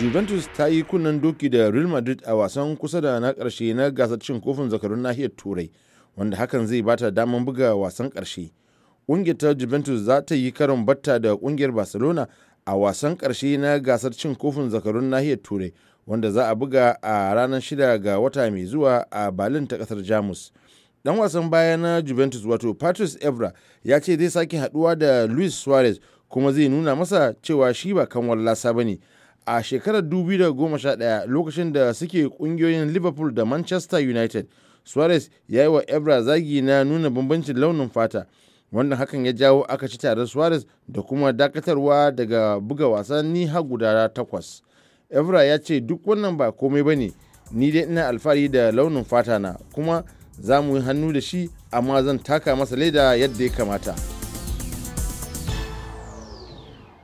Juventus ta yi kunnen doki da Real Madrid a wasan kusa da na ƙarshe na gasar cin kofin zakarun nahiyar Turai, wanda hakan zai bata damar buga wasan karshe, Ƙungiyar ta Juventus za ta yi karon batta da ƙungiyar Barcelona a wasan ƙarshe na gasar cin kofin zakarun nahiyar Turai, wanda za a buga a ranar shida ga wata mai zuwa a Berlin ta ƙasar Jamus. Dan wasan baya na Juventus wato Patrice Evra ya ce zai sake haduwa da Luis Suarez kuma zai nuna masa cewa shi ba kan wallasa ba ne. a shekarar 2011 lokacin da suke kungiyoyin liverpool da manchester united suarez ya yi wa Evra zagi na nuna bambancin launin fata wanda hakan ya jawo aka ci tare suarez da kuma dakatarwa daga buga wasanni har guda takwas Evra ya ce duk wannan ba komai ba ne ni dai ina alfahari da launin fata na kuma za mu yi hannu da shi amma zan taka masa leda yadda ya kamata.